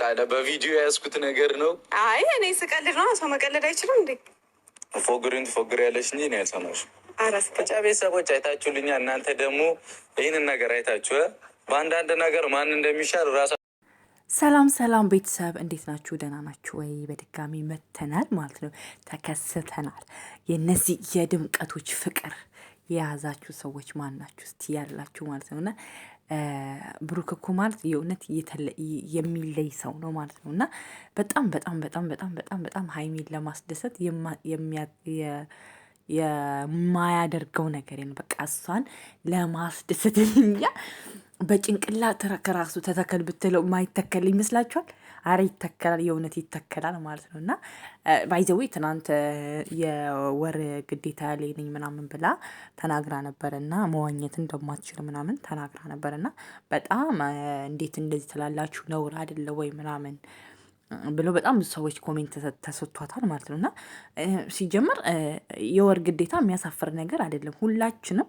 ታዲያ በቪዲዮ የያዝኩት ነገር ነው። አይ እኔ ስቀልድ ነው። ሰው መቀለድ አይችልም እንዴ? ፎግሪን ትፎግሪ ያለች እንጂ ነው ያልሰማሽ። ብቻ ቤተሰቦች አይታችሁልኛ። እናንተ ደግሞ ይህንን ነገር አይታችሁ በአንዳንድ ነገር ማን እንደሚሻል ራሳ ሰላም ሰላም ቤተሰብ እንዴት ናችሁ? ደህና ናችሁ ወይ? በድጋሚ መተናል ማለት ነው፣ ተከስተናል። የነዚህ የድምቀቶች ፍቅር የያዛችሁ ሰዎች ማን ናችሁ? እስቲ ያላችሁ ማለት ነው እና ብሩክ እኮ ማለት የእውነት የሚለይ ሰው ነው ማለት ነው እና በጣም በጣም በጣም በጣም በጣም በጣም ሀይሚን ለማስደሰት የማያደርገው ነገር በቃ እሷን ለማስደሰት እንጃ በጭንቅላት ከራሱ ተተከል ብትለው ማይተከል ይመስላችኋል? አረ ይተከላል፣ የእውነት ይተከላል ማለት ነው። እና ባይዘዊ ትናንት የወር ግዴታ ላይ ነኝ ምናምን ብላ ተናግራ ነበር እና መዋኘት እንደማትችል ምናምን ተናግራ ነበር እና በጣም እንዴት እንደዚህ ትላላችሁ ነውር አይደለ ወይ ምናምን ብሎ በጣም ብዙ ሰዎች ኮሜንት ተሰጥቷታል ማለት ነው። እና ሲጀምር የወር ግዴታ የሚያሳፍር ነገር አይደለም ሁላችንም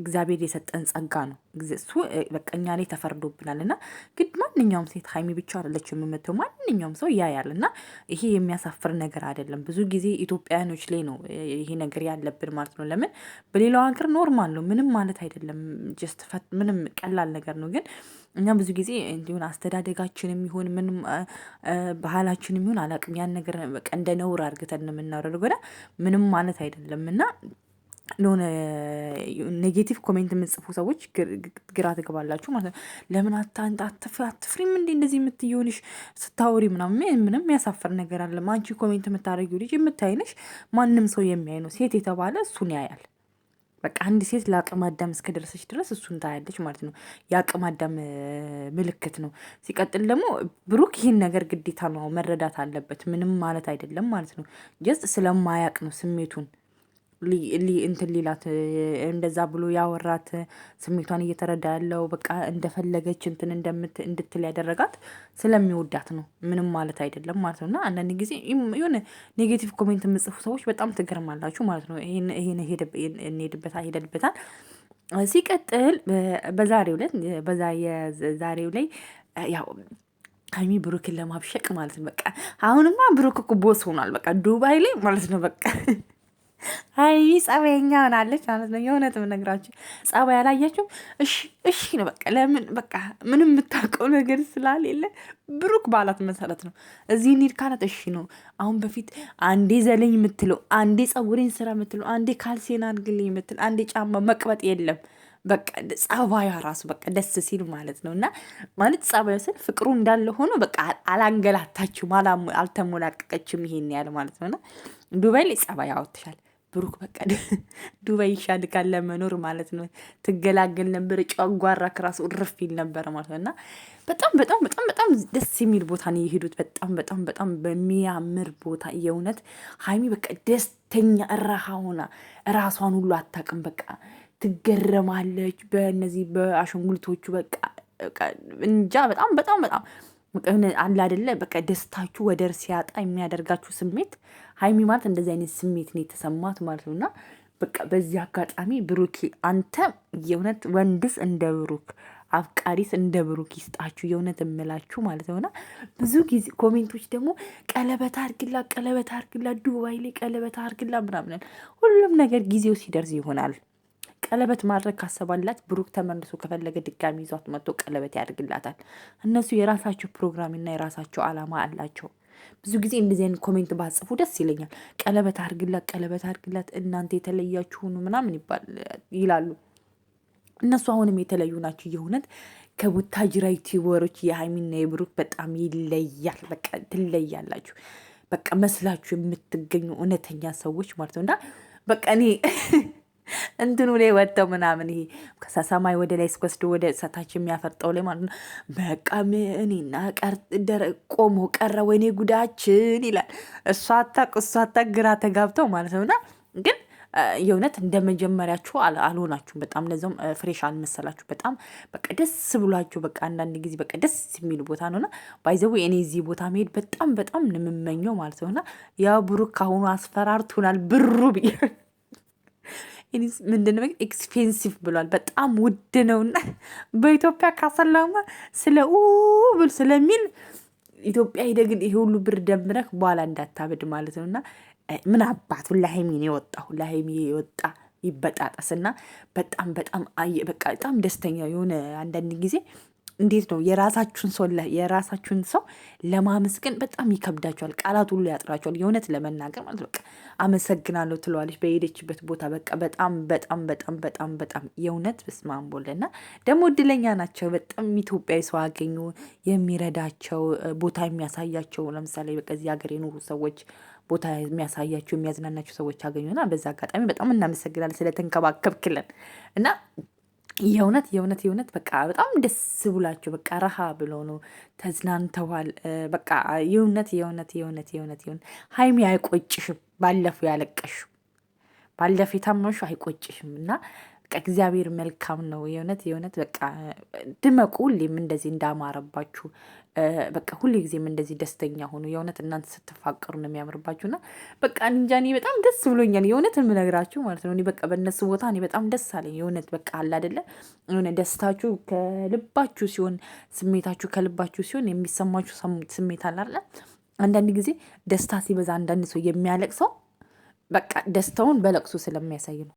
እግዚአብሔር የሰጠን ጸጋ ነው። እሱ በቃ እኛ ላይ ተፈርዶብናል እና ግን ማንኛውም ሴት ሀይሚ ብቻ አለች የምመተው ማንኛውም ሰው ያያል እና ይሄ የሚያሳፍር ነገር አይደለም። ብዙ ጊዜ ኢትዮጵያውያኖች ላይ ነው ይሄ ነገር ያለብን ማለት ነው። ለምን በሌላው ሀገር ኖርማል ነው፣ ምንም ማለት አይደለም። ጀስት ምንም ቀላል ነገር ነው። ግን እኛ ብዙ ጊዜ እንዲሁን አስተዳደጋችን የሚሆን ምንም ባህላችን የሚሆን አላቅም ያን ነገር እንደ ነውር አድርገን የምናወረድ ጎዳ ምንም ማለት አይደለም እና ለሆነ ኔጌቲቭ ኮሜንት የምጽፉ ሰዎች ግራ ትገባላችሁ ማለት ነው። ለምን አታንጣ አትፍሪም እንዴ እንደዚህ የምትየሆንሽ ስታወሪ ምናምን ምንም የሚያሳፈር ነገር አለ? አንቺ ኮሜንት የምታደርጊው ልጅ የምታይነሽ ማንም ሰው የሚያይ ነው። ሴት የተባለ እሱን ያያል። በቃ አንድ ሴት ለአቅመ አዳም እስከደረሰች ድረስ እሱን ታያለች ማለት ነው። የአቅመ አዳም ምልክት ነው። ሲቀጥል ደግሞ ብሩክ ይህን ነገር ግዴታ ነው መረዳት አለበት። ምንም ማለት አይደለም ማለት ነው። ጀስት ስለማያቅ ነው ስሜቱን እንትን ሊላት እንደዛ ብሎ ያወራት ስሜቷን እየተረዳ ያለው በቃ እንደፈለገች እንትን እንድትል ያደረጋት ስለሚወዳት ነው። ምንም ማለት አይደለም ማለት ነው። እና አንዳንድ ጊዜ የሆነ ኔጌቲቭ ኮሜንት የምጽፉ ሰዎች በጣም ትገርማላችሁ ማለት ነው። ይህን እንሄድበታል ሄደልበታል። ሲቀጥል በዛሬው ዕለት በዛ የዛሬው ላይ ያው ሀይሚ ብሩክን ለማብሸቅ ማለት ነው። በቃ አሁንማ ብሩክ እኮ ቦስ ሆኗል። በቃ ዱባይ ላይ ማለት ነው በቃ አይ ጸበኛ ሆናለች ማለት ነው። የእውነት የምነግራችሁ ጸባ ያላያችሁም። እሺ እሺ ነው በቃ። ለምን በቃ ምንም የምታውቀው ነገር ስላሌለ ብሩክ ባላት መሰረት ነው እዚህ እንሂድ ካላት እሺ ነው። አሁን በፊት አንዴ ዘለኝ የምትለው አንዴ ጸጉሬን ስራ የምትለው አንዴ ካልሴን አድርግልኝ የምትል አንዴ ጫማ መቅበጥ የለም በቃ ጸባዩ ራሱ በቃ ደስ ሲል ማለት ነው። እና ማለት ጸባዩ ስል ፍቅሩ እንዳለ ሆኖ በቃ አላንገላታችሁም፣ አልተሞላቀቀችም። ይሄን ያለ ማለት ነውና ዱባይ ላይ ጸባይ አወጥሻል። ብሩክ በቃ ዱባይ ይሻልካል ለመኖር ማለት ነው። ትገላገል ነበር፣ ጨጓራ ከራሱ እርፍ ይል ነበር ማለት ነው። እና በጣም በጣም በጣም በጣም ደስ የሚል ቦታ ነው የሄዱት። በጣም በጣም በጣም በሚያምር ቦታ የእውነት ሀይሚ በቃ ደስተኛ እራሃ ሆና ራሷን ሁሉ አታውቅም። በቃ ትገረማለች በእነዚህ በአሻንጉሊቶቹ በቃ እንጃ በጣም በጣም በጣም አለ አደለ በቃ ደስታችሁ ወደር ሲያጣ የሚያደርጋችሁ ስሜት ሀይሚ ማለት እንደዚህ አይነት ስሜት ነው የተሰማት ማለት ነው። እና በቃ በዚህ አጋጣሚ ብሩክ አንተ የእውነት ወንድስ እንደ ብሩክ አፍቃሪስ እንደ ብሩክ ይስጣችሁ። የእውነት እምላችሁ ማለት ነው። ነውና ብዙ ጊዜ ኮሜንቶች ደግሞ ቀለበት አርግላ ቀለበት አርግላ ዱባይ ላይ ቀለበት አርግላ ምናምናል። ሁሉም ነገር ጊዜው ሲደርስ ይሆናል። ቀለበት ማድረግ ካሰባላት ብሩክ ተመልሶ ከፈለገ ድጋሚ ይዟት መጥቶ ቀለበት ያደርግላታል። እነሱ የራሳቸው ፕሮግራምና የራሳቸው አላማ አላቸው። ብዙ ጊዜ እንደዚህ አይነት ኮሜንት ባጽፉ ደስ ይለኛል። ቀለበት አድርግላት፣ ቀለበት አድርግላት፣ እናንተ የተለያችሁ ሁኑ ምናምን ይላሉ። እነሱ አሁንም የተለዩ ናቸው። የእውነት ከቡታጅራ ዩቲዩበሮች የሀይሚና የብሩክ በጣም ይለያል። በቃ ትለያላችሁ። በቃ መስላችሁ የምትገኙ እውነተኛ ሰዎች ማለት ነው እና በቃ እኔ እንትኑ ላይ ወጥተው ምናምን ይሄ ከሰማይ ወደ ላይ እስከወስዶ ወደ ሰታች የሚያፈርጠው ላይ ማለት ነው። በቃ ምንና ቆሞ ቀረ ወይኔ ጉዳችን ይላል። እሷ አታቅ እሷ አታቅ ግራ ተጋብተው ማለት ነውና ግን የእውነት እንደ መጀመሪያችሁ አልሆናችሁም። በጣም ለዚም ፍሬሽ አልመሰላችሁ። በጣም በቃ ደስ ብሏችሁ በቃ አንዳንድ ጊዜ በቃ ደስ የሚሉ ቦታ ነውና ባይዘው እኔ እዚህ ቦታ መሄድ በጣም በጣም ንምመኘው ማለት ነውና ያው ብሩክ ካሁኑ አስፈራርቶናል ብሩ ብዬ ምንድን ኤክስፔንሲቭ ብሏል። በጣም ውድ ነውና በኢትዮጵያ ካሰላማ ስለ ብል ስለሚል ኢትዮጵያ ሄደ ግን ይሄ ሁሉ ብር ደምረህ በኋላ እንዳታብድ ማለት ነው። እና ምን አባቱ ለሀይሚን የወጣሁ ለሀይሚ የወጣ ይበጣጠስና በጣም በጣም በቃ በጣም ደስተኛ የሆነ አንዳንድ ጊዜ እንዴት ነው የራሳችሁን ሰው የራሳችሁን ሰው ለማመስገን በጣም ይከብዳቸዋል። ቃላት ሁሉ ያጥራቸዋል። የእውነት ለመናገር ማለት ነው። አመሰግናለሁ ትለዋለች በሄደችበት ቦታ። በቃ በጣም በጣም በጣም በጣም በጣም የእውነት በስመ አብ ደግሞ እድለኛ ናቸው። በጣም ኢትዮጵያዊ ሰው አገኙ፣ የሚረዳቸው ቦታ የሚያሳያቸው ለምሳሌ በቃ እዚህ ሀገር የኖሩ ሰዎች ቦታ የሚያሳያቸው የሚያዝናናቸው ሰዎች አገኙና በዛ አጋጣሚ በጣም እናመሰግናለን ስለተንከባከብክለን እና የእውነት የእውነት የእውነት በቃ በጣም ደስ ብላቸው በቃ ረሃ ብሎ ነው ተዝናንተዋል። በቃ የእውነት የእውነት የእውነት የእውነት የእውነት ሀይሚ አይቆጭሽም። ባለፉ ያለቀሽ ባለፉ የታመሹ አይቆጭሽም እና በቃ እግዚአብሔር መልካም ነው። የእውነት የእውነት በቃ ድመቁ። ሁሌም እንደዚህ እንዳማረባችሁ በቃ ሁሌ ጊዜም እንደዚህ ደስተኛ ሆኑ። የእውነት እናንተ ስትፋቀሩ ነው የሚያምርባችሁ። ና በቃ እንጃ እኔ በጣም ደስ ብሎኛል። የእውነት የምነግራችሁ ማለት ነው። እኔ በቃ በእነሱ ቦታ እኔ በጣም ደስ አለኝ። የእውነት በቃ አለ አይደለ የሆነ ደስታችሁ ከልባችሁ ሲሆን፣ ስሜታችሁ ከልባችሁ ሲሆን የሚሰማችሁ ስሜት አለ አይደለ። አንዳንድ ጊዜ ደስታ ሲበዛ አንዳንድ ሰው የሚያለቅሰው በቃ ደስታውን በለቅሶ ስለሚያሳይ ነው።